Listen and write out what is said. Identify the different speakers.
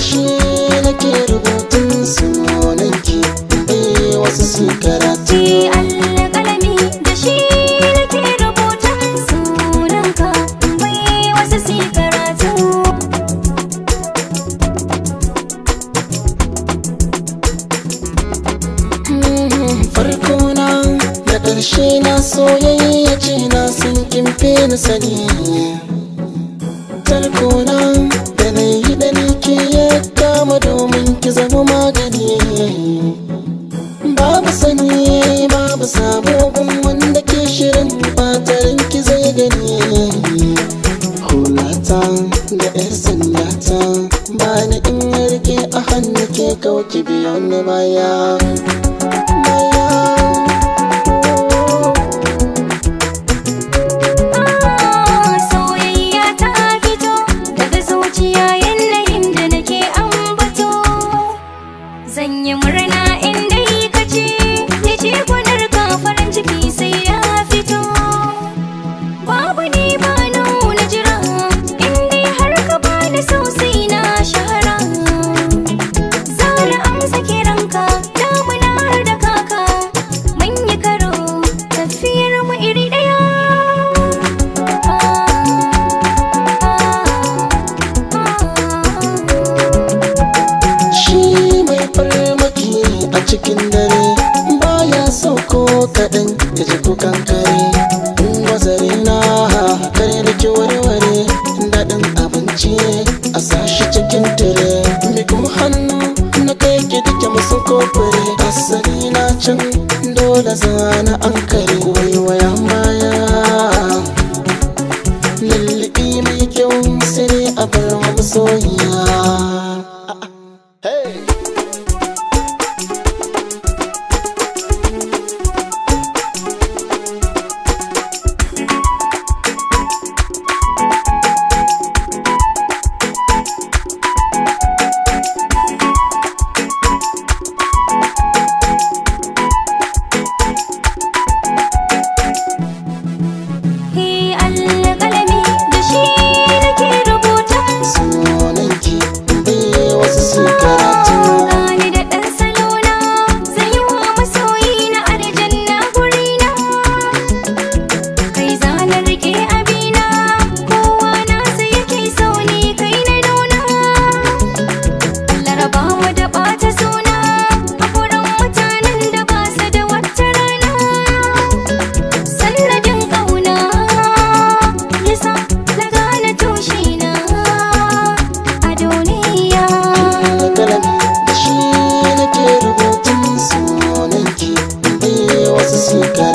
Speaker 1: shi nake rubutun sunanki bai eh, wasu su karatu karshe na soyayya ce na sun kimfe na sani tarkona da na yi da ke ya kama domin ki zama magani babu sani babu sabo wanda ke shirin fatarin ki zai gani hulata da yar sanyata ba na in yarke a hannu ke kawo ki biyo ni baya cikin dare baya sauko. ko kaɗan ya ji kukan kare wazare na kare da ke warware daɗin abinci a sashi cikin tare mikun hannu na kai ke duke masu kofare asali na can dole zana an kare waya maya lullubi mai kyau sai a bar soyayya da shi nake rubutun sunanki in wasu suka